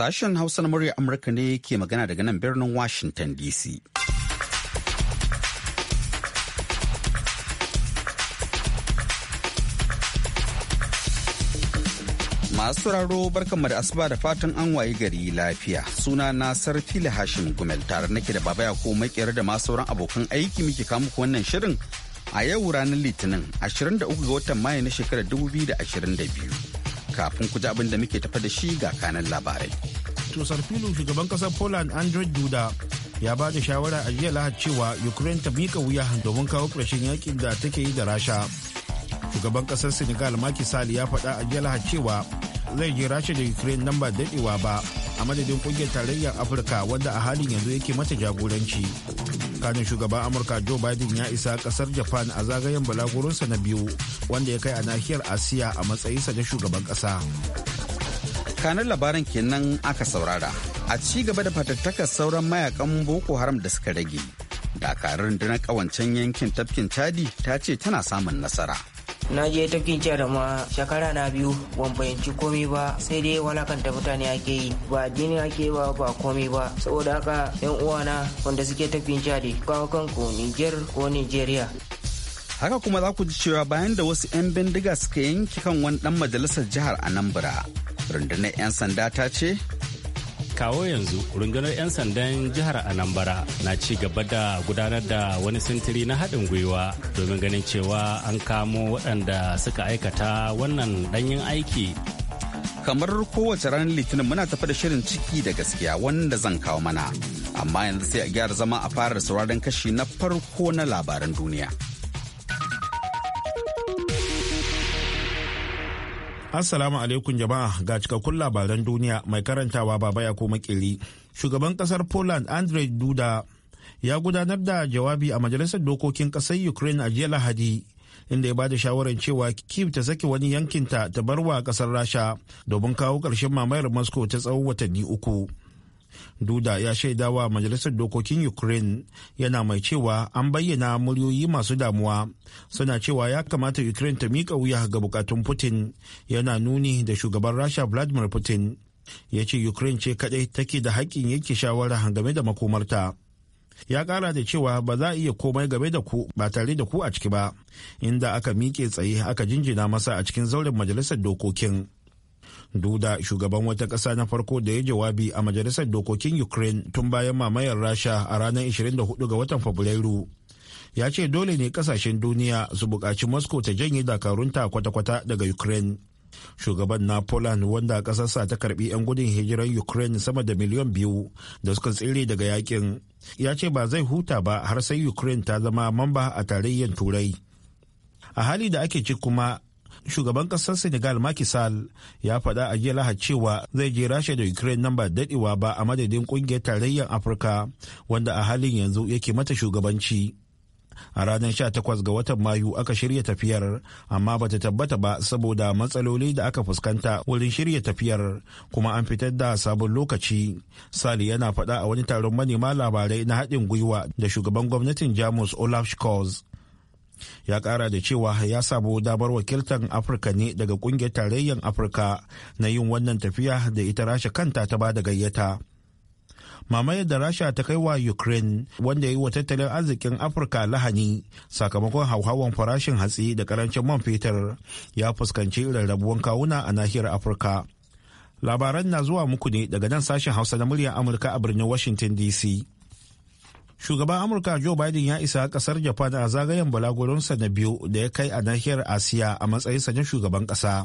Sashen Hausa na murya Amurka ne ke magana daga nan birnin Washington DC. Masu raro barkanmu da asuba da fatan an wayi gari lafiya. Suna na sarfi Hashim Gumel tare nake da babaya ko makera da masu sauran abokan aiki muke kawo muku wannan shirin a yau ranar Litinin 23 ga watan Mayu na shekarar 2022. kafin ku ji abin da muke tafa da shi ga kanan labarai. To Sarfilu shugaban kasar Poland Andrzej Duda ya ba da shawara a jiya lahad cewa Ukraine ta mika wuya domin kawo ƙarshen yakin da take yi da Rasha. Shugaban kasar Senegal Macky Sall ya faɗa a jiya lahad cewa zai je rasha da ukraine nan ba dadewa ba a madadin ƙungiyar tarayyar afirka wanda a halin yanzu yake mata jagoranci kanin shugaban amurka joe biden ya isa ƙasar japan a zagayen balagurunsa na biyu wanda ya kai a nahiyar asiya a matsayinsa na shugaban ƙasa. kanan labaran kenan aka saurara a ci gaba da fatattakar sauran mayakan boko haram da suka rage dakarun rundunar kawancen yankin tafkin chadi ta ce tana samun nasara na je tafkin da ma shekara na biyu ban fahimci komai ba sai dai walakanta mutane ake yi ba jini ake ba ba komai ba saboda haka yan uwana wanda suke tafkin da kawo kanku niger ko nigeria haka kuma za ku ji cewa bayan da wasu 'yan bindiga suka yanki kan wani dan majalisar jihar anambra rundunar 'yan sanda ta ce kawo yanzu rundunar 'yan sandan jihar anambra na ci gaba da gudanar da wani sintiri na haɗin gwiwa domin ganin cewa an kamo waɗanda suka aikata wannan ɗanyen aiki kamar kowace ranar litinin muna tafi da shirin ciki da gaskiya wanda zan kawo mana amma yanzu sai a gyara zama a fara sauraron kashi na farko na labaran duniya. Assalamu alaikum jama'a ga cikakkun labaran duniya mai karantawa baba ya koma kiri. Shugaban kasar Poland Andrei Duda ya gudanar da jawabi a majalisar dokokin kasar Ukraine a jiya Lahadi inda ya bada shawarar cewa Kiev ta saki wani yankinta ta barwa kasar Rasha domin kawo ƙarshen mamayar Moscow ta tsawon watanni uku. duda ya shaida wa majalisar dokokin ukraine yana mai cewa an bayyana muryoyi masu damuwa suna cewa ya kamata ukraine ta miƙa wuya ga bukatun putin yana nuni da shugaban rasha vladimir putin ya ce ukraine ce kadai take da haƙƙin yanke shawara game da makomarta ya kara da cewa ba za a iya komai game da ku ba tare da ku a ciki ba inda aka miƙe tsaye aka jinjina masa a cikin zauren majalisar dokokin duda shugaban wata ƙasa na farko da ya jawabi a majalisar dokokin ukraine tun bayan mamayar rasha a ranar 24 ga watan fabrairu ya ce dole ne kasashen duniya su buƙaci moscow ta janye dakarunta kwata-kwata daga ukraine shugaban na poland wanda ƙasarsa ta karbi 'yan gudun hijirar ukraine sama da miliyan biyu da suka tsire daga yakin ya ce ba zai huta ba har sai ukraine ta zama mamba a tarayyar turai a hali da ake ci kuma shugaban kasar senegal Macky Sall ya faɗa a jiya lahar cewa zai je rasha da ukraine nan ba daɗewa ba a madadin ƙungiyar tarayyar afirka wanda a halin yanzu yake mata shugabanci a ranar 18 ga watan mayu aka shirya tafiyar amma bata tabbata ba saboda matsaloli da aka fuskanta wurin shirya tafiyar kuma an fitar da sabon lokaci sali yana faɗa a wani taron manema labarai na haɗin gwiwa da shugaban gwamnatin jamus olaf scholz ya kara da cewa ya sabo damar wakiltar afirka ne daga kungiyar tarayyar afirka na yin wannan tafiya da ita rasha kanta ta ba da gayyata mamayar da rasha ta kai wa ukraine wanda ya yi wa tattalin arzikin afirka lahani sakamakon hauhawan farashin hatsi da karancin man fetur ya fuskanci rarrabuwan kawuna a nahiyar afirka labaran na zuwa muku ne daga nan sashen hausa na muryar amurka a birnin washington dc shugaban amurka joe biden ya isa kasar japan a zagayen balagoronsa na biyu da ya kai a nahiyar asiya a matsayinsa na shugaban kasa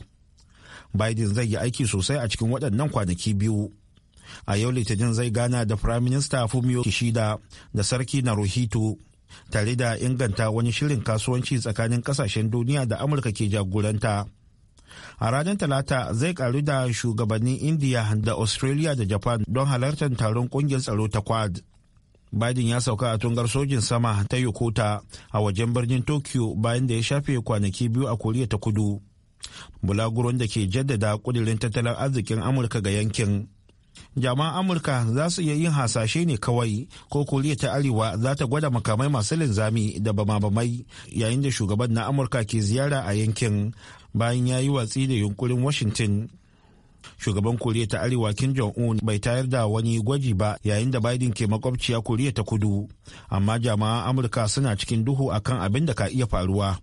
biden zai yi aiki sosai a cikin waɗannan kwanaki biyu a yau litinin zai gana da prime minister fumio kishida da sarki naruhito tare da inganta wani shirin kasuwanci tsakanin kasashen duniya da amurka ke jagoranta a ranar talata zai karu da shugabannin india da australia da japan don halartar taron kungiyar tsaro ta quad Biden ya sauka a tungar sojin sama ta Yokota a wajen birnin Tokyo bayan da ya shafe kwanaki biyu a Koriya ta Kudu. Bulaguron da ke jaddada kudirin tattalin arzikin Amurka ga yankin. Jama'an Amurka za su iya yin hasashe ne kawai ko Koriya ta Arewa za ta gwada makamai masu linzami da bama-bamai yayin da shugaban na Amurka ke ziyara a yankin bayan ya yi watsi da yunkurin Washington. shugaban koriya ta arewa kim jong un bai tayar da wani gwaji ba yayin da biden ke makwabciya koriya ta kudu amma jama'an amurka suna cikin duhu akan abin da ka iya faruwa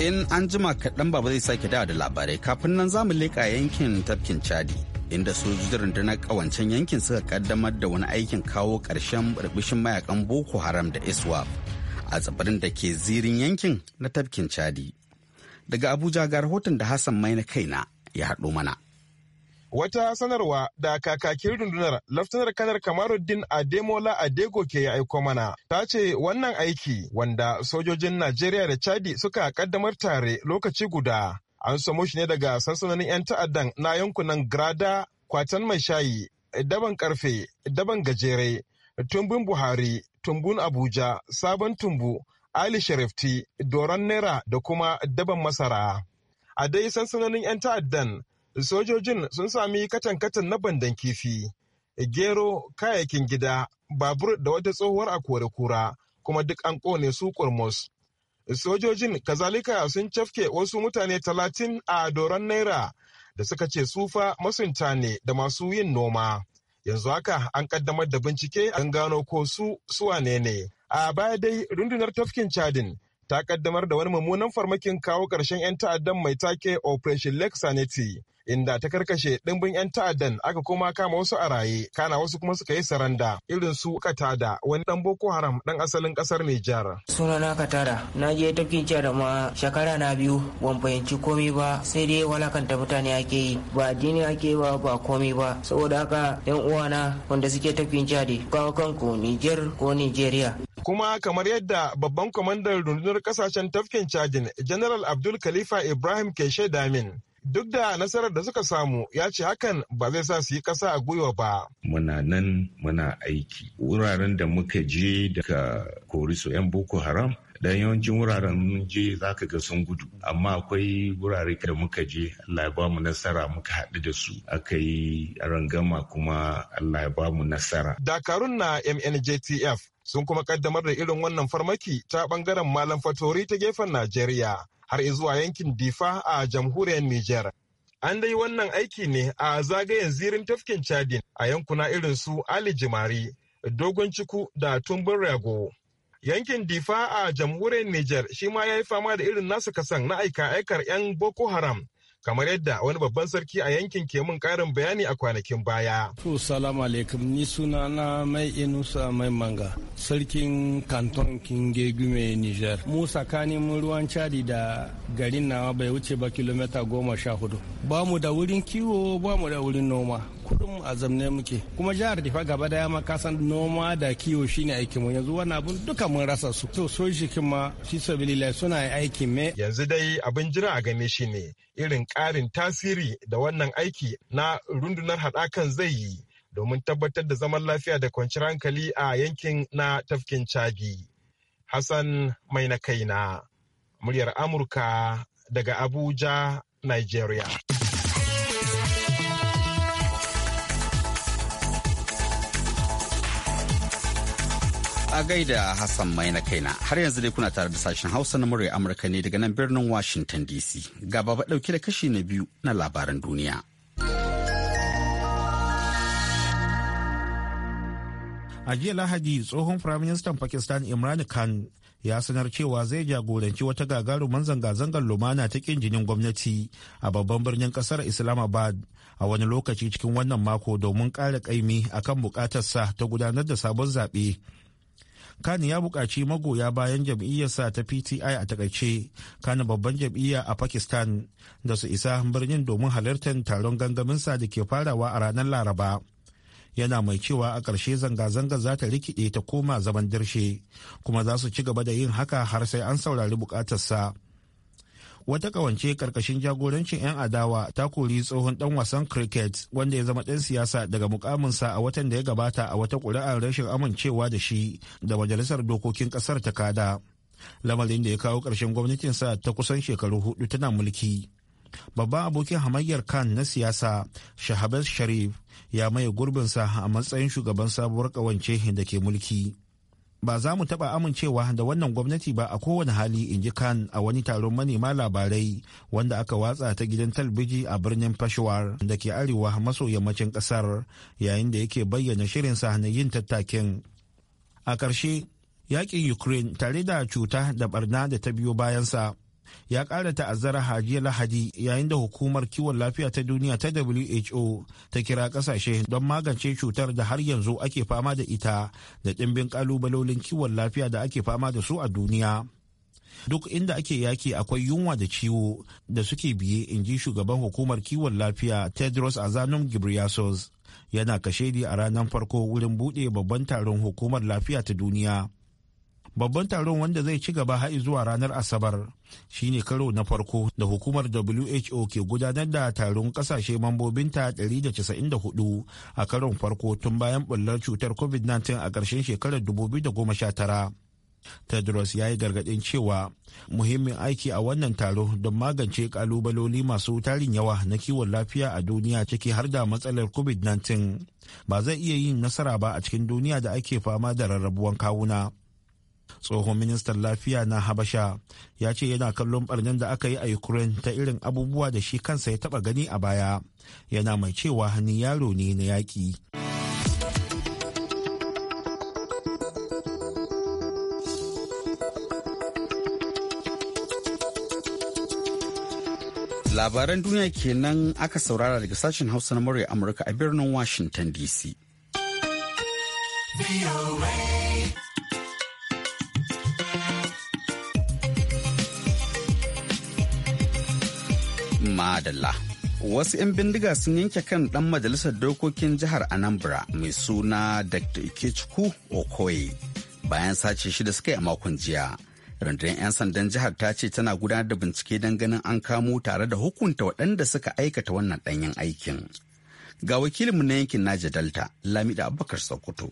in an jima kaɗan baba zai sake dawa da labarai kafin nan za mu leƙa yankin tafkin chadi inda sojojin rundunar ƙawancen yankin suka kaddamar da wani aikin kawo ƙarshen burbushin mayakan boko haram da iswap a tsibirin da ke zirin yankin na tafkin chadi daga abuja ga rahoton da hassan mai na kaina ya haɗo mana wata sanarwa da kakakin rundunar laftanar kanar kamaruddin ademola adego ke ya aiko mana ta ce wannan aiki wanda sojojin najeriya da chadi suka kaddamar tare lokaci guda an samo shi ne daga sansanonin 'yan ta'addan na yankunan grada kwatan mai shayi daban karfe daban gajere tumbin buhari tumbun abuja sabon tumbu ali sharifti doron naira da kuma daban masara a dai sansanonin 'yan ta'addan sojojin sun sami katan-katan na bandan kifi gero kayayyakin gida babur da wata tsohuwar kore kura kuma duk an kone su kurmus sojojin kazalika sun cafke wasu mutane talatin a doron naira da suka ce sufa masunta ne da masu yin noma yanzu haka an kaddamar da bincike an gano ko su suwa ne a baya dai rundunar tafkin chadin ta kaddamar da wani mummunan farmakin kawo ƙarshen 'yan ta'addan mai take operation lake sanity inda ta karkashe ɗimbin 'yan ta'addan aka koma kama wasu a raye kana wasu kuma suka yi saranda irin su katada wani ɗan boko haram ɗan asalin ƙasar Nijar. Sunana katada na je tafkin da ma shekara na biyu ban fahimci komai ba sai dai walakanta mutane ake yi ba addini ake ba ba komai ba saboda haka yan uwana wanda suke tafkin da kawo kanku Nijar ko Nijeriya. kuma kamar yadda babban kwamandan rundunar kasashen tafkin cajin general abdul khalifa ibrahim ke shaida min Duk da nasarar da suka samu ya ce hakan ba zai sa su yi kasa a gwiwa ba. Muna nan muna aiki. Wuraren da muka je daga kori su 'yan Boko Haram dan yawancin wuraren mun je za ka ga sun gudu amma akwai wurare da muka je Allah ya ba mu nasara muka haɗu da su aka yi rangama kuma Allah ya ba mu nasara. Dakarun na MNJTF sun kuma kaddamar da irin wannan farmaki ta ɓangaren Malam Fatori ta gefen Najeriya har zuwa yankin Difa a jamhuriyar Nijar. An dai wannan aiki ne a zagayen zirin tafkin Chadin a yankuna irin su Ali Jimari, Dogon Ciku da Tumbin Rago. Yankin Difa a jamhuriyar Nijar shi ma ya yi fama da irin nasu kasan na aika aikar 'yan Boko Haram kamar yadda wani babban sarki a yankin ke mun karin bayani a kwanakin baya. To salamu alaikum ni suna na mai inusa mai manga sarkin kanton gume Niger. Mu tsakanin ruwan cadi da garin nawa bai wuce ba kilomita goma sha hudu. Ba mu da wurin kiwo ba mu da wurin noma. kuɗin a zamne muke kuma jihar difa gaba daya ma san noma da kiwo shine aikin mu yanzu wannan abun duka mun rasa su to sojin ma shi sabilillah suna aiki me yanzu dai abin jira a game shi ne irin ƙarin tasiri da wannan aiki na rundunar haɗakan zai yi domin tabbatar da zaman lafiya da kwanciyar hankali a yankin na tafkin chadi. Hassan mai na kaina, muryar Amurka daga Abuja, Nigeria. A gaida Hassan mai na kaina har yanzu dai kuna tare da sashen Hausa na murya Amurka ne daga nan birnin Washington DC. Gaba ba ɗauke da kashi na biyu na labaran duniya. A jiya Lahadi tsohon Firaministan Pakistan Imran Khan ya sanar cewa zai jagoranci wata gagaruman zanga-zangar lumana ta kin jinin gwamnati a babban birnin kasar islamabad a wani lokaci cikin wannan mako domin ƙara ƙaimi akan buƙatarsa ta gudanar da sabon zaɓe kani ya buƙaci magoya bayan jam'iyyarsa ta pti a takaice kani babban jam'iyya a pakistan da su isa birnin domin halartar taron gangaminsa da ke farawa a ranar laraba yana mai cewa a ƙarshe zanga-zanga za ta rikide ta koma zaman dirshe kuma za su ci gaba da yin haka har sai an saurari bukatarsa wata kawance karkashin jagorancin 'yan adawa ta kori tsohon dan wasan cricket wanda ya zama dan siyasa daga mukaminsa a watan da ya gabata a wata kuri'ar rashin amincewa da shi da majalisar dokokin kasar ta kada lamarin da ya kawo ƙarshen gwamnatinsa ta kusan shekaru hudu tana mulki babban abokin hamayyar khan na siyasa shahabaz sharif ya maye gurbinsa a matsayin shugaban sabuwar kawance da ke mulki ba za mu taɓa amincewa da wannan gwamnati ba a kowane hali in ji kan a wani taron manema labarai wanda aka watsa ta gidan talbiji a birnin peshawar da ke arewa maso yammacin ƙasar yayin da yake bayyana shirinsa na yin tattakin a ƙarshe yaƙin ukraine tare da cuta da barna da ta biyo bayansa ya ƙara ta'azzara hajiya lahadi yayin da hukumar kiwon lafiya ta duniya ta who ta kira ƙasashe don magance cutar da har yanzu ake fama da ita da ɗimbin ƙalubalolin kiwon lafiya da ake fama da su a duniya duk inda ake yaki akwai yunwa da ciwo da suke biye in ji shugaban hukumar kiwon lafiya tedros azanum gibriasos yana kashedi a ranar farko wurin buɗe babban taron hukumar lafiya ta duniya babban taron wanda zai ci gaba har zuwa ranar asabar shine karo na farko da hukumar WHO ke gudanar da taron kasashe mambobinta 194 a karon farko tun bayan bullar cutar COVID-19 a ƙarshen shekarar 2019. Tedros ya yi gargaɗin cewa muhimmin aiki a wannan taro don magance ƙalubaloli masu tarin yawa na kiwon lafiya a duniya ciki har da matsalar COVID-19 ba zai iya yin nasara ba a cikin duniya da ake fama da rarrabuwan kawuna. tsohon ministan lafiya na habasha ya ce yana kallon barnan da aka yi a ukraine ta irin abubuwa da shi kansa ya taba gani a baya yana mai cewa hannun yaro ne na yaƙi labaran duniya kenan aka saurara daga sashen hausa na murya amurka a birnin washington dc Madalla. Wasu 'yan bindiga sun yanke kan ɗan majalisar dokokin jihar Anambra mai suna Dr. Ikechukwu Okoye bayan sace shi da suka yi a makon jiya. Rundunar 'yan sandan jihar ta ce tana gudanar da bincike don ganin an kamo tare da hukunta waɗanda suka aikata wannan ɗanyen aikin. Ga wakilinmu na yankin Naja Delta, Lamida Abubakar Sokoto.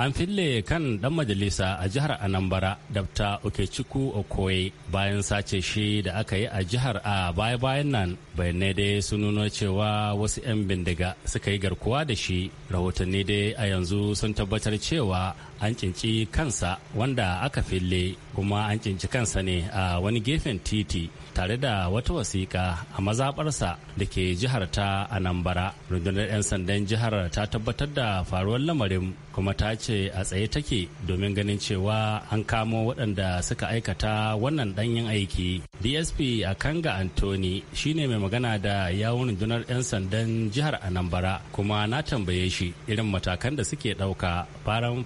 an fille kan dan majalisa a jihar anambra dabta okechukwu okoye bayan sace shi da aka yi a jihar a baya-bayan nan bayanai dai sun nuna cewa wasu 'yan bindiga suka yi garkuwa da shi rahotanni dai a yanzu sun tabbatar cewa an cinci kansa wanda aka fille kuma an cinci kansa ne a wani gefen titi tare da wata wasiƙa a mazaɓarsa da ke jihar ta anambra rundunar 'yan sandan jihar ta tabbatar da faruwar lamarin kuma ta ce a tsaye take domin ganin cewa an kamo waɗanda suka aikata wannan ɗanyen aiki dsp a kanga antoni shine mai magana da yawon rundunar 'yan sandan jihar anambra kuma na tambaye shi irin matakan da suke ɗauka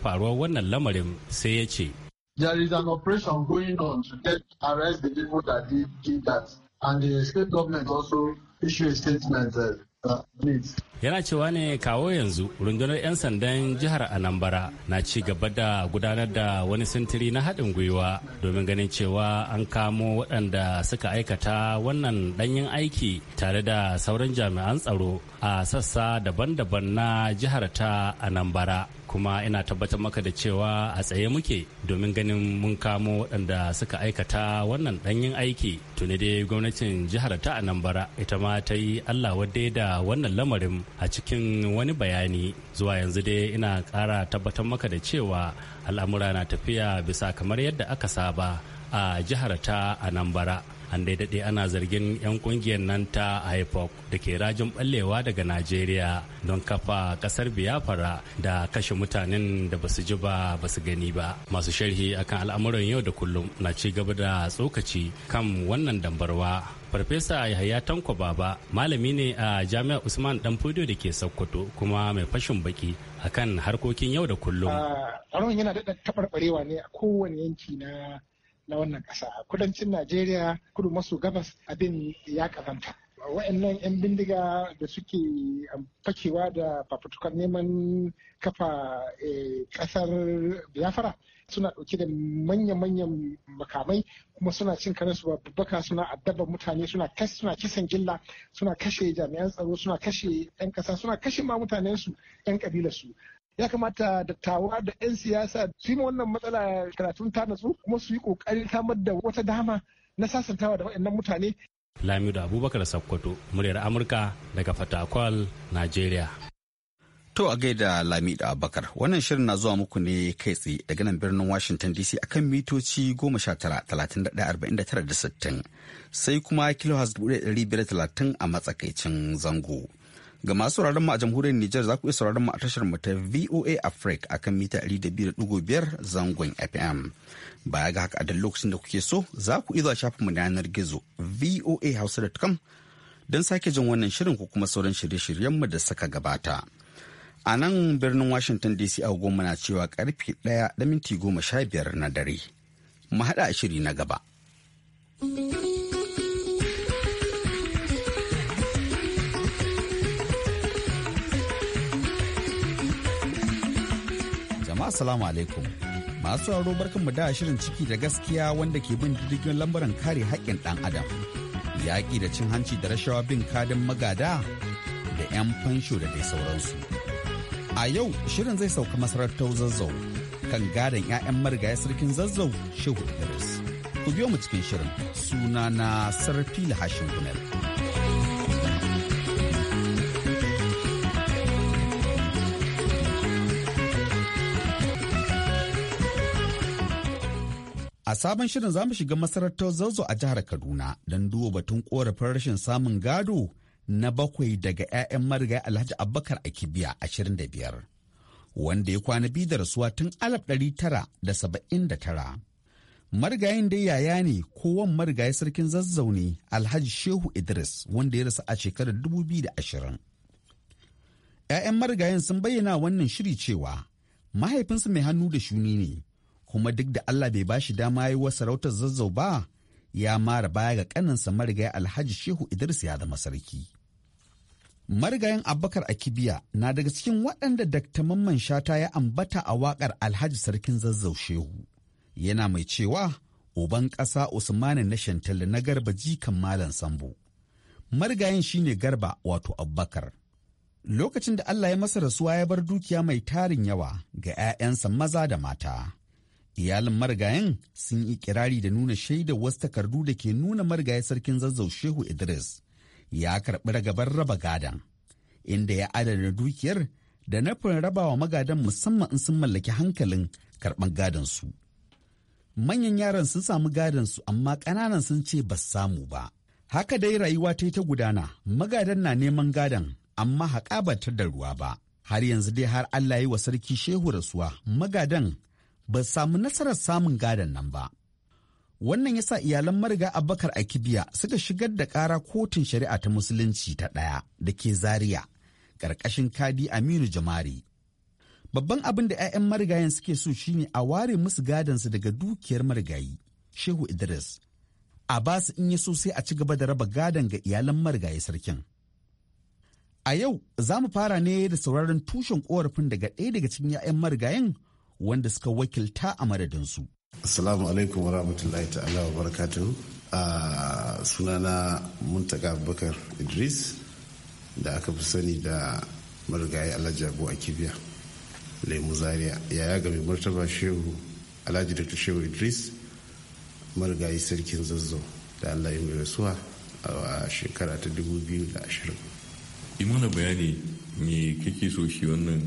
faruwar wannan lamarin sai ya ce There is an operation going on to get arrest the people that did, did that. And the state government also Yana cewa ne kawo yanzu rundunar 'yan sandan jihar Anambra na ci gaba da gudanar da wani sintiri na haɗin gwiwa domin ganin cewa an kamo waɗanda suka aikata wannan ɗanyen aiki tare da sauran jami'an tsaro a sassa daban-daban na jihar ta Anambra. kuma ina tabbatar maka da cewa a tsaye muke domin ganin mun kamo waɗanda suka aikata wannan ɗanyen aiki tuni dai gwamnatin jihar ta anambra ita ma ta yi allah wadda da wannan lamarin a cikin wani bayani zuwa yanzu dai ina kara tabbatar maka da cewa al'amura na tafiya bisa kamar yadda aka saba a jihar ta bara. an dai daɗe ana zargin 'yan kungiyar nan ta ipoc da ke rajin ɓallewa daga najeriya don kafa ƙasar biyafara da kashe mutanen da basu ji ba basu gani ba masu sharhi akan al'amuran yau da kullum na ci gaba da tsokaci kan wannan dambarwa farfesa yahaya tanko baba malami ne a jami'ar usman dan fudo da ke sokoto kuma mai fashin baki akan harkokin yau da kullum ah, yana da taɓarɓarewa ne a kowane yanki na na wannan ƙasa a kudancin najeriya kudu maso gabas abin ya kazanta wa'annan 'yan bindiga da suke um, fakewa da fafutukan neman kafa eh, ƙasar biafra suna ɗauke da manya-manyan makamai kuma suna cin kare su babbaka suna addaba mutane suna suna kisan gilla suna kashe jami'an tsaro suna kashe 'yan ƙasa suna kashe ma mutanensu su 'yan ƙabilar ya kamata dattawa da 'yan siyasa su yi wannan matsala karatun ta natsu kuma su yi kokari samar da wata dama na sasantawa da waɗannan mutane. Lamido Abubakar Sakkwato, muryar Amurka daga Fatakwal, Najeriya. To a gaida Lamido Abubakar, wannan shirin na zuwa muku ne kai tsaye daga nan birnin Washington DC akan mitoci sittin sai kuma kilohaz talatin a matsakaicin zango. Ga masu sauraron mu a jamhuriyar Nijar za ku iya sauraron mu a tashar mu ta VOA Africa a kan mita 200.5 zangon FM. Baya ga haka a duk lokacin da kuke so za ku iya shafin mu na yanar gizo voahausa.com don sake jin wannan shirin ko kuma sauran shirye-shiryen mu da suka gabata. A nan birnin Washington DC a goma na cewa karfe ɗaya da minti goma sha biyar na dare. Mu haɗa shiri na gaba. amma assalamu alaikum masu sauraro barkan mu da shirin ciki da gaskiya wanda ke bin diddigin lambaran kare haƙƙin ɗan adam yaƙi da cin hanci da rashawa bin kadin magada da 'yan fansho da dai sauransu a yau shirin zai sauka masarautar zazzau kan gadon 'ya'yan marigaya sarkin zazzau shehu idris ku biyo mu cikin shirin sunana sarfila hashin gunel. A sabon shirin za mu shiga masarautar Zazzau a jihar Kaduna don duba batun korafin rashin samun gado na bakwai daga 'ya'yan marigayi Alhaji Abubakar a Kibiya 25, wanda ya kwana biyu da rasuwa tun 1979. Marigayin dai yaya ne kowan marigayi sarkin Zazzau ne Alhaji Shehu Idris wanda ya rasu a shekarar 2020. 'Ya'yan marigayin sun bayyana wannan shiri cewa mahaifinsu mai hannu da shuni ne. kuma duk da Allah bai bashi dama yi wa sarautar zazzau ba ya mara baya ga kaninsa marigayi alhaji shehu idris ya zama sarki Marigayen abubakar akibiya na daga cikin waɗanda dakta mamman shata ya ambata a waƙar alhaji sarkin zazzau shehu yana mai cewa uban ƙasa usmani na shantali na garba jikan malam sambo marigayin shine garba wato abubakar lokacin da allah ya masa rasuwa ya bar dukiya mai tarin yawa ga 'ya'yansa maza da mata Iyalin marigayen sun yi kirari da nuna shaida wasu takardu da ke nuna marigayi sarkin zazzau Shehu Idris ya karɓi ragabar raba gadan, inda ya adana dukiyar da nufin raba wa magadan musamman in sun mallaki hankalin karɓar gadon su. Manyan yaran sun samu gadon su amma ƙananan sun ce ba samu ba. Haka dai rayuwa ta yi ta gudana, magadan na neman gadon amma haƙa ba ta da ruwa ba. Har yanzu dai har Allah yi wa sarki shehu rasuwa magadan ba samu nasarar samun gadon nan ba. Wannan ya sa iyalan mariga Abubakar a Kibiya suka shigar da ƙara kotun shari'a ta musulunci ta ɗaya da ke Zariya. ƙarƙashin kadi Aminu Jamari. Babban abin da 'ya'yan marigayen suke so shine a ware musu gadansu daga dukiyar marigayi, Shehu Idris. A basu in ya so sai a ci gaba da raba gadon ga iyalan marigayi sarkin. A yau za mu fara ne da sauraron tushen ƙorafin daga ɗaya daga cikin 'ya'yan marigayen wanda suka wakilta a madadinsu. Assalamu alaikum wa rahmatullahi ta'ala wa barakatuhu. A ah, sunana Muntaka bakar Idris da aka fi sani da marigayi Alhaji Abu Akibiya Lemu Zaria yaya ga mai martaba Shehu Alhaji Dr. Shehu Idris marigayi sarkin zazzau da Allah ya mai rasuwa a shekara ta 2020. Imana bayani me kake so shi wannan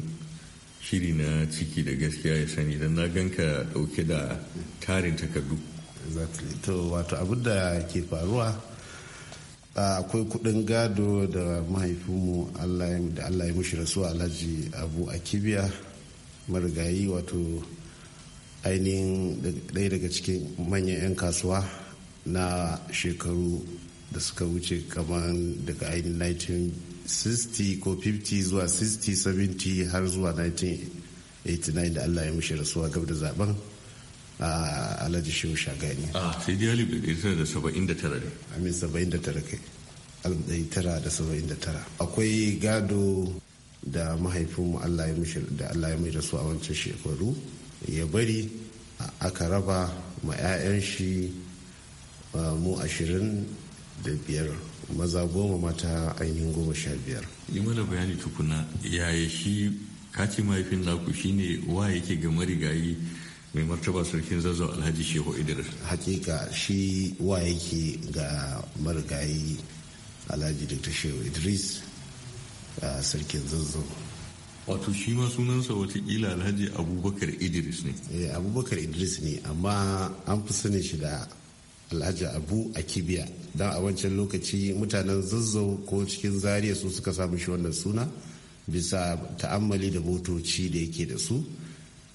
shiri na ciki da gaskiya ya sani don na ganka dauke da tarin takardu to wato abin da ke faruwa akwai kudin gado da mahaifinmu da allah ya mushi rasu alhaji abu akibiya marigayi wato ainihin ɗaya daga cikin manyan 'yan kasuwa na shekaru da suka wuce kamar daga ainihin 60 ko 50 zuwa 60 70 har zuwa 1989 da allah ya mushi rasuwa gab da zaben a alhaji shehu shagani a sai dai alif da saba'in da tara ne amin saba'in da tara kai alif ɗari tara da saba'in da tara akwai gado da mahaifinmu allah ya mushi da allah ya mai rasuwa wancan shekaru ya bari aka raba ma 'ya'yan shi mu ashirin da biyar maza goma mata ainihin goma sha biyar yi mana bayani tukuna yaya shi kaci mahaifin naku shine wa yake ga marigayi mai martaba sarkin zazzau alhaji shehu idris hakika shi wa yake ga marigayi alhaji dr shehu idris a sarkin zazzau wato shi ma sunansa watakila alhaji abubakar idris ne eh abubakar idris ne amma an fi sani shi da alhaji abu a kibiya don a wancan lokaci mutanen zazzau ko cikin zariya su suka samu shi wannan suna bisa ta'ammali da motoci da yake da su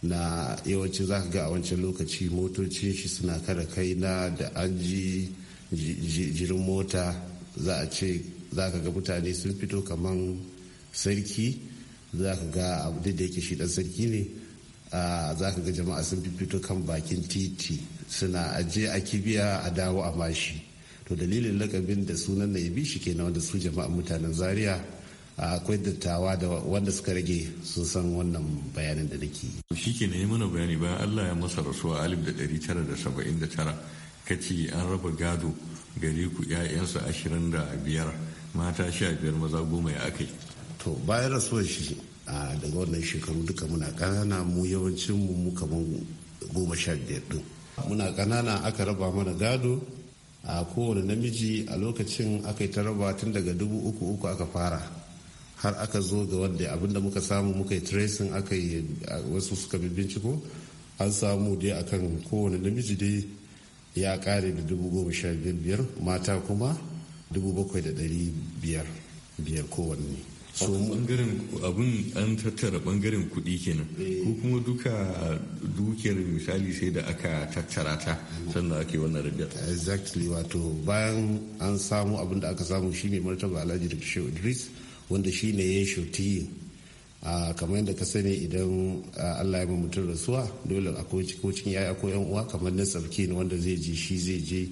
na yawanci za ka ga a wancan lokaci motoci shi suna kara kai na da an ji jirin mota za a ce za ka ga mutane sun fito kamar sarki za ka ga abu da yake shi dan sarki ne za ka ga jama'a sun fito kan bakin titi suna aje a kibiya a dawo a mashi to dalilin lakabin da sunan na bi shi kenan wanda su jama'a mutanen zaria akwai dattawa da wanda suka rage sun san wannan bayanin da nake yi. shi ke yi mana bayani bayan allah ya masa rasuwa alif da ɗari tara da saba'in da tara kaci an raba gado gari ku 'ya'yansa ashirin da biyar mata sha biyar maza goma ya aka yi to bayan rasuwar shi a daga wannan shekaru duka muna ƙanana mu yawancin mu kamar goma sha biyar din muna ƙanana aka raba mana gado a kowane namiji a lokacin aka yi ta raba tun daga dubu uku uku aka fara har aka zo ga wanda abinda muka samu muka yi tracing aka yi wasu suka bi binciko an samu dai akan kowane namiji dai ya kare da dubu goma sha biyar mata kuma dubu bakwai da dari biyar biyar kowanne so bangaren abin an tattara bangaren kuɗi kenan ko eh. kuma duka dukiyar misali sai da aka tattara ta sannan ake wannan rabiya exactly wato bayan an samu abin da aka samu shine martaba alhaji da shehu idris wanda shine ya shoti a ah, kamar yadda ka sani idan ah, allah ya mutum rasuwa dole akwai cikin yaya ko yan uwa kamar na sarki wanda zai je shi zai je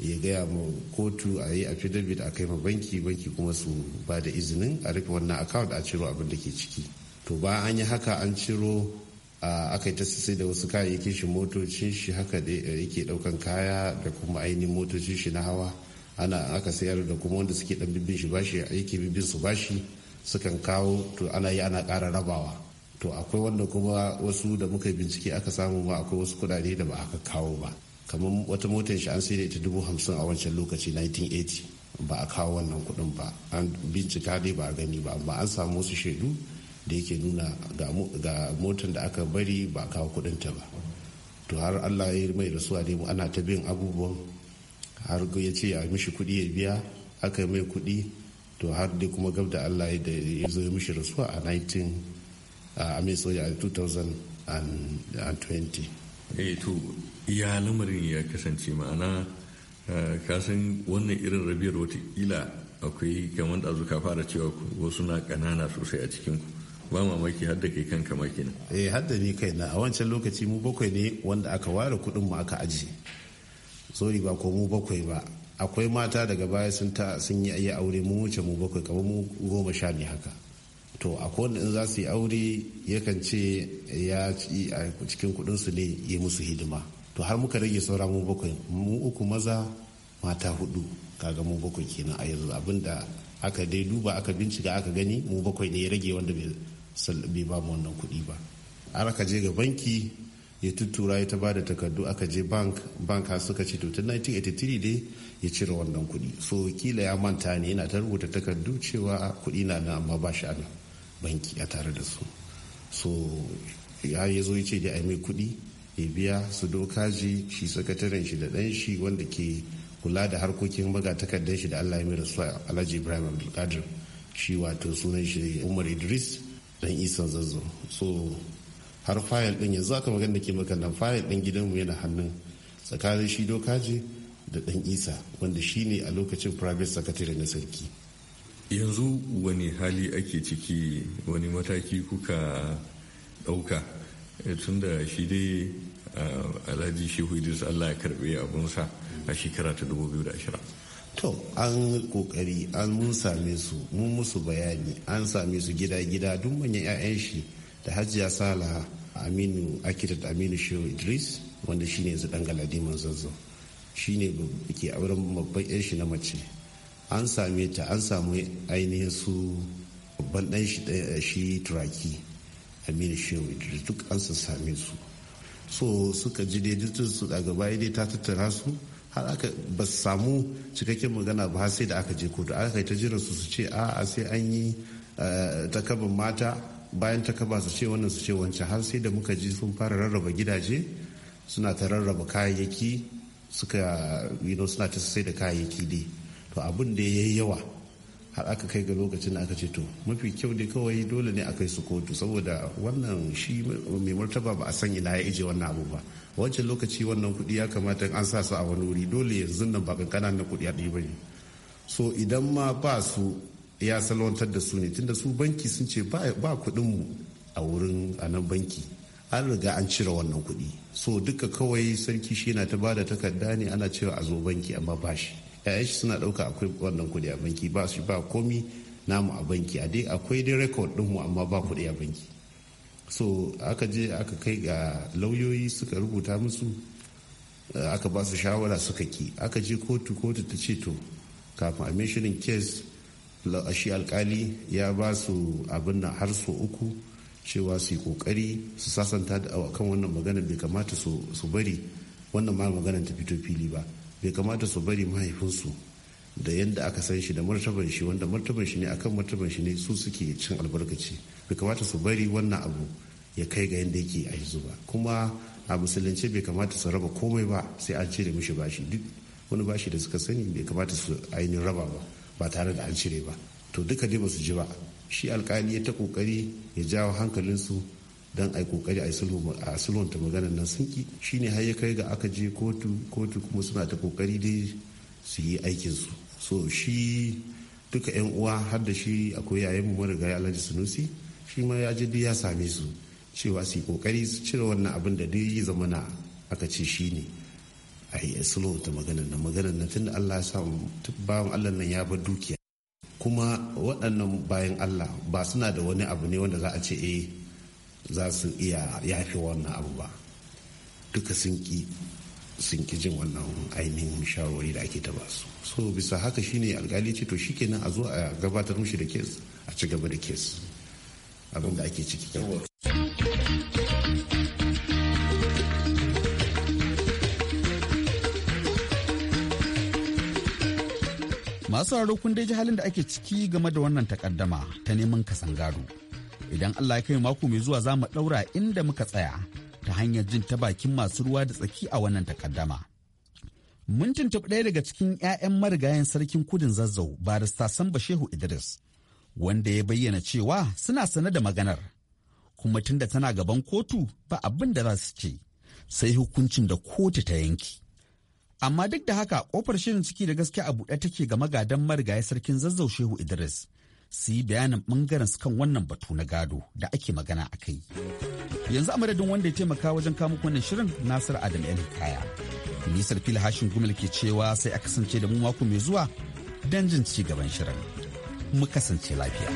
ya gaya ma kotu a yi affidavit a kai ma banki banki kuma su ba da izinin a rufe wannan account a ciro abin da ke ciki to ba an yi haka an ciro aka yi ta da wasu kayayyakin shi motocin shi haka da yake daukan kaya da kuma ainihin motocin shi na hawa ana aka sayar da kuma wanda suke dan bibin shi bashi yake bibin su bashi sukan kawo to ana yi ana ƙara rabawa to akwai wanda kuma wasu da muka bincike aka samu ma akwai wasu kudade da ba aka kawo ba kamar wata motar shi an sai da ita dubu hamsin a wancan lokaci 1980 ba a kawo wannan kuɗin ba an bincika dai ba a gani ba amma an samu wasu shaidu da yake nuna ga motar da aka bari ba a kawo ta ba to har allah ya yi mai rasuwa dai ana ta bin abubuwan har ya ce a mishi kuɗi ya biya aka yi mai kuɗi to har dai kuma gab da allah ya zo ya mishi rasuwa a 19 a soja a 2020 eh to ya lamarin ya kasance ma'ana eh, kasan wannan irin rabiyar watakila akwai kamar da ka fara cewa wasu na kanana sosai a cikin ku ba mamaki har da kai kanka ma eh har da ni kaina a wancan lokaci mu bakwai ne wanda aka ware kuɗin mu aka aji sorry ba ko mu bakwai ba akwai mata daga baya sun ta sun aure mu wuce mu bakwai kamar mu goma sha ne haka to a kowane in za su yi aure yakan ce ya ci a cikin kudinsu ne ya musu hidima to har muka rage sauran mu bakwai mu uku maza mata hudu kaga mu bakwai kenan a yanzu abinda aka dai duba aka bincika aka gani mu bakwai ne ya rage wanda bai ba mu wannan kuɗi ba har aka je ga banki ya tuttura ya ta ba da takardu aka je bank bank suka ce to tun 1983 dai ya cire wannan kuɗi so kila ya manta ne yana ta rubuta takardu cewa kuɗi na nan amma ba shi a nan banki a tare da su so ya yi zo ce da ai mai kuɗi ya biya su dokaji shi sakataren shi da ɗan shi wanda ke kula da harkokin baga takardar shi da allah ya mai rasuwa alhaji ibrahim abdulkadir shi wato sunan shi umar idris dan isan zazzau so har fayil din yanzu aka magana ke makanan fayil din gidanmu yana hannun tsakanin shi dokaji da dan isa wanda shi ne a lokacin private secretary na sarki yanzu wani hali ake ciki wani mataki kuka ɗauka eh, tun da shi dai ah, alhaji shehu idris allah ya karɓi abunsa a shekara ta 2020 to an kokari an mun same su mun musu bayani an same su gida-gida duk manyan 'ya'yan shi da hajiya sala aminu akitat aminu shehu idris wanda shine yanzu dan galadi manzanzo shine ke auren babban 'yan shi na mace an same ta an samu ainihin su babban dan eh, shi turaki aminu shehu da duk an same su so suka ji dai su daga baya dai ta tattara su har aka ba samu cikakken magana ba har sai da aka je kotu aka ta jiran su su ce a a sai an yi eh, takabin mata bayan takaba su ce wannan su ce wancan har sai da muka ji sun fara rarraba gidaje suna ta rarraba kayayyaki suka yi suna ta sai da kayayyaki dai to abin da ya yi yawa har aka kai ga lokacin da aka ce to mafi kyau da kawai dole ne a kai su kotu saboda wannan shi mai martaba ba a san ina ya ije wannan abu ba wancan lokaci wannan kuɗi ya kamata an sa su a wani wuri dole yanzu nan ba kankana na kuɗi a ɗaya ba ne so idan ma ba su ya salwantar da su ne tunda su banki sun ce ba kuɗin mu a wurin a nan banki an riga an cire wannan kuɗi so duka kawai sarki shi yana ta bada takarda ne ana cewa a zo banki amma ba shi yaya shi suna ɗauka akwai wannan kuɗi a banki ba su ba komi namu a banki a dai akwai dai rekod ɗinmu amma ba kuɗi a banki so aka je aka kai ga lauyoyi suka rubuta musu eh, aka ba su shawara suka ki aka je kotu kotu ta ce to kafin a mishirin kes shi alkali ya ba su abin nan har so uku cewa su yi kokari su sasanta da kan wannan magana bai kamata su bari wannan ma maganar ta fito fili ba bai kamata su bari mahaifinsu da yadda aka san shi da martaban shi wanda martaban shi ne akan martaban shi ne su suke cin albarkaci bai kamata su bari wannan abu ya kai ga yadda yake a yanzu ba kuma a musulunci bai kamata su raba komai ba sai an cire mishi bashi duk wani bashi da suka sani bai kamata su ainihin raba ba ba tare da an cire ba to duka dai ba su ji ba shi alkali ya ta kokari ya jawo hankalinsu don a yi kokari a yi ta maganar nan sun ki shine har ya kai ga aka je kotu kotu kuma suna ta kokari dai su yi su so shi duka yan uwa har da shi akwai yayin mu marigayi alhaji sunusi shi ma ya je duk ya same su cewa su yi kokari su cire wannan abin da duk yi zamana aka ce shi ne a yi ta maganar nan maganar nan tunda allah ya samu bawan allah nan ya bar dukiya kuma waɗannan bayan allah ba suna da wani abu ne wanda za a ce eh za su iya yafe wannan abu ba duka sun ki jin wannan ainihin shawarwari da ake taba su so bisa haka shine alkali ce to kenan a zo a gabatar mushi da kes a ci gaba da kes abin da ake ciki masu kun dai halin da ake ciki game da wannan takaddama ta neman kasan gado idan Allah ya kai mako mai zuwa za mu ɗaura inda muka tsaya ta hanyar jin ta bakin masu ruwa da tsaki a wannan takaddama. Mun tuntuɓi ɗaya daga cikin 'ya'yan marigayen sarkin kudin zazzau barista Samba Shehu Idris wanda ya bayyana cewa suna sane da maganar kuma tunda tana gaban kotu ba abin da za su ce sai hukuncin da kotu ta yanki. amma duk da haka ƙofar shirin ciki da gaske a buɗe take ga magadan marigayen sarkin zazzau shehu idris su yi bayanin bangaren su kan wannan batu na gado da ake magana a kai. Yanzu a madadin wanda ya taimaka wajen kamun wannan shirin Nasir Adam El Hikaya. Nisar fil hashin gumil ke cewa sai a kasance da mu mako mai zuwa don jin ci gaban shirin. Mu kasance lafiya.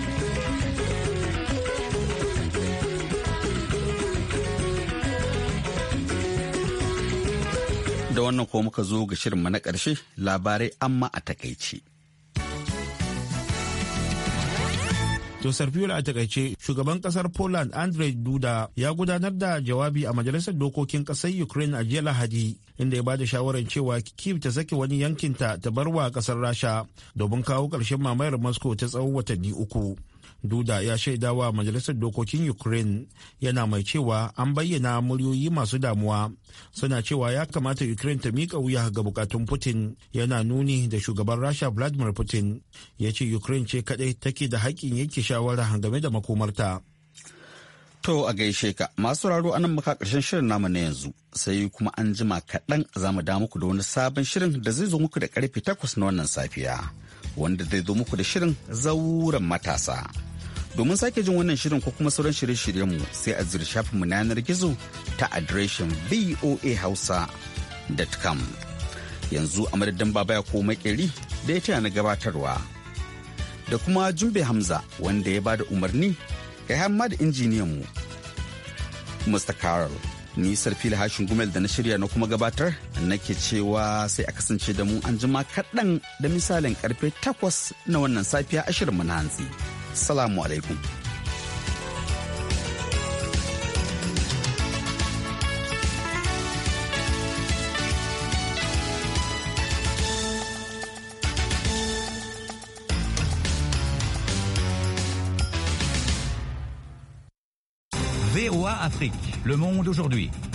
Da wannan ko muka zo ga shirin na ƙarshe labarai amma a takaice. To Sarfiyula a takaice shugaban kasar Poland Andrzej Duda ya gudanar da jawabi a majalisar dokokin kasar Ukraine a jiya Lahadi inda ya bada shawarar cewa Kiev ta sake wani yankinta ta barwa kasar Rasha domin kawo ƙarshen mamayar Moscow ta tsawon watanni uku. duda ya shaida wa majalisar dokokin ukraine yana mai cewa an bayyana muryoyi masu damuwa suna cewa ya kamata ukraine ta miƙa wuya ga bukatun putin yana nuni da shugaban rasha vladimir putin ya ce ukraine ce kadai take da haƙƙin yanke shawara game da makomarta To a gaishe ka masu raro anan muka karshen shirin namu na yanzu sai kuma an jima kaɗan za mu da muku da wani sabon shirin da zai zo muku da karfe takwas na wannan safiya wanda zai zo muku da shirin zauren matasa. Domin sake jin wannan shirin ko kuma sauran shirye-shiryenmu sai a zira mu na yanar gizo ta adireshin voahausa.com. Yanzu a madadin baba ya koma makeri da ya taya na gabatarwa. Da kuma Jumbe Hamza wanda ya bada umarni ga hamma da injiniyanmu. Mr. Carl ni sarfila hashin gumel da na shirya na kuma gabatar nake cewa sai a kasance da mu an jima kaɗan da misalin karfe takwas na wannan safiya ashirin na hantsi. Salamu alaikum. Afrique. Le monde aujourd'hui.